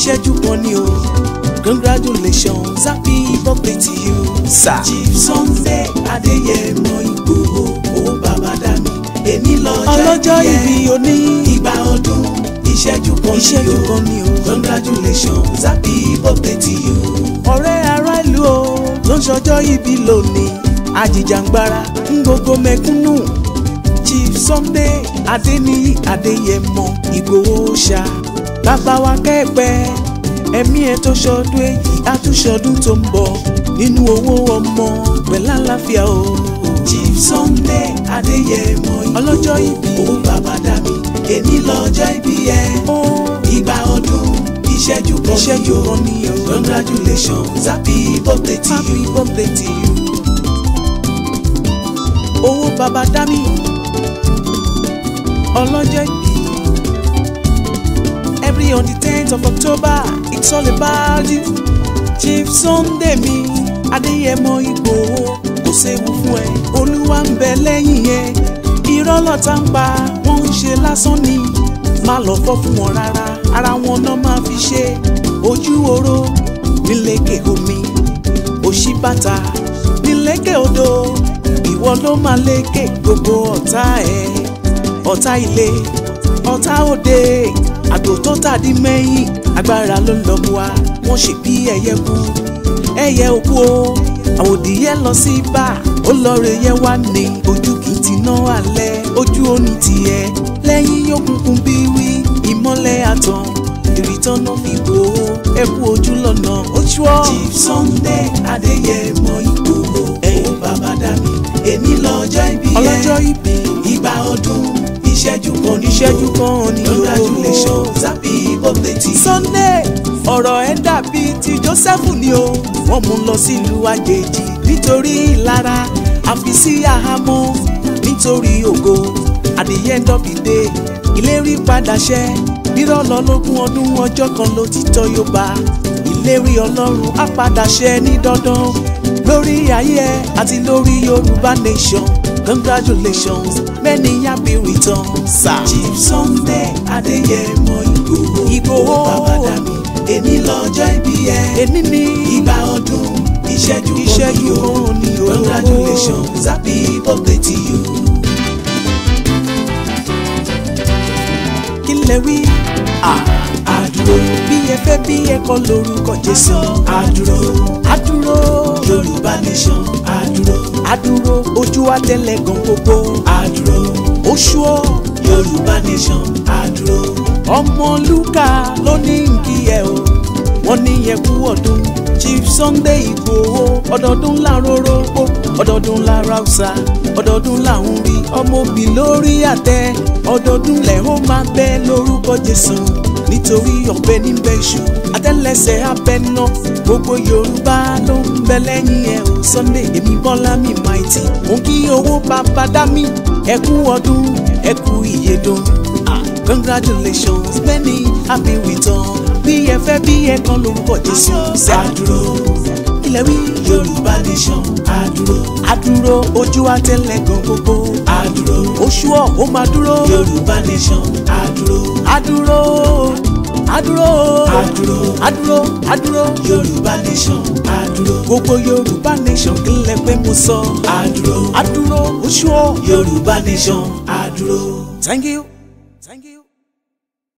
ìṣẹ́jú kan ni o congratulations happy birthday to you. sir chief sunday adéyẹmọ ìgbòho owó bàbá dá mi èmi lọ́jọ́ ọlọ́jọ́ ìbí òní ìgbà ìṣẹ́jú kan ni o congratulations happy birthday to you. ọ̀rẹ́ ará ìlú o ló ń ṣọjọ́ ìbí lónìí àjìjàngbara ń gbogbo mẹ̀kúnnù chief sunday adéníyí adéyẹmọ ìgbòho ṣáá bàbá wa kẹ́pẹ́ ẹ̀mí ẹ̀ tó ṣọdún èyí á tún ṣọdún tó ń bọ̀ nínú owó ọmọ pẹ̀lú àlàáfíà o. Chief Sunday Adéyẹmọ ìlú ọlọ́jọ́ ìbí òun bàbá dá mi èmi lọ́jọ́ ìbí ẹ̀ ìgbà ọdún ìṣẹ́jú kan ìṣẹ́jú kan ní o congratulations happy birthday to you. happy birthday to you. owó bàbá dá mi ọlọ́jọ́ ìbí on the 10th of October, it's all about you. Chief Sunday mi, Adéyẹmọ Ìgbòho, kò séwu fún ẹ, Olúwa ń bẹ lẹ́yìn ẹ. Irọ́ lọ́tà ń pa, wọ́n ń ṣe lásán ni. Má lọ fọ́ fún wọn rárá, ara wọn náà máa fi ṣe. Ojú oró nílékè omi, òṣìbàtà nílékè odò. Ìwọ ló máa lékè gbogbo ọ̀tá ẹ̀, ọ̀tá ilé ọ̀tá òde àgbò tó tàdí mẹ́yìn agbára ló ń lọ́mú wa wọ́n ṣe bí ẹyẹ kú ẹyẹ òkú o àwòdìyẹ lọ sí bá ó lọ́ọ́rẹ́ yẹ wá ní ojú kì í ti ná alẹ́ ojú òní tiẹ̀ lẹ́yìn yóò kúnkún bí wí ìmọ́lẹ̀ àtàn ìrìtọ́nà fi wò ó ẹ̀kú ojú lọ́nà ojú ọ́. Chief Sunday Adéyẹmọ Ìgbòho ẹ̀yìn bàbá dá mi èmi lọ́jọ́ ìbí yẹn ọlọ́jọ́ ìbí ìgbà ọdún oníṣẹ́jú kan ní oníṣẹ́jú kan ní o congratulations happy birthday to you. Sunday ọ̀rọ̀ ẹ̀ dàbí ti Joseph ni o wọ́n mú un lọ sílùú àjèjì nítorí ìlara àfi sí àhámọ́ nítorí ògo at the end of the day ìlérí padà ṣẹ nírọ̀lọ́lógún ọdún ọjọ́ kan ló ti tọ́ yóò bá ìlérí ọlọ́run á padà ṣẹ ní dandan lórí ayé ẹ àti lórí Yorùbá nation congratulations many happy returns. Chief Sunday Adéyẹmọ Ìgbòho Ìgbòho bàbá dàbí èmi lọ́jọ́ ìbí ẹ̀ èmi ni ìgbà ọdún ìṣẹ́jú ìṣẹ́jú òní o congratulations happy birthday to you. kí lẹ wí. àdúró bí ẹ fẹ́ bí ẹ kọ́ lórúkọ Jésù àdúró àdúró. Yorùbá nation àdúró. àdúró ojú wa tẹ́lẹ̀ gan gbogbo. àdúró oṣù ọ. Yorùbá nation àdúró. Ọmọlúkà ló ní nkí ẹ o wọ́n ní yẹ kú ọdún Chief Sunday Igboho ọdọọdún láròrò pò ọdọọdún lára ọ̀sà ọdọọdún làwọn rí ọmọ òbí lórí àtẹ ọdọọdún lẹ́hìn máa bẹ́ lórúkọ Jésù nítorí ọ̀bẹ níbẹ̀ iṣu àtẹ́lẹsẹ̀ abẹ náà gbogbo yorùbá ló ń bẹ lẹ́yìn ẹ̀ o Sunday èmi bọ́lá mi mighty mo kí owó bàbá dá mi ẹ kú ọdún ẹ kú ìyèdùn ah, congratulations many happy return bí ẹ fẹ́ bí ẹ kan lórúkọ jésù ṣáàdúró ilẹ̀ wí yorùbá nation àdúró àdúró ojú àtẹlẹ gan gbogbo àdúró oṣù ọ̀ ó máa dúró yorùbá nation àdúró àdúró adúró adúró adúró adúró yorùbá nation adúró gbogbo yorùbá nation kílẹ̀ pé mo sọ adúró adúró oṣù yorùbá nation adúró. thank you.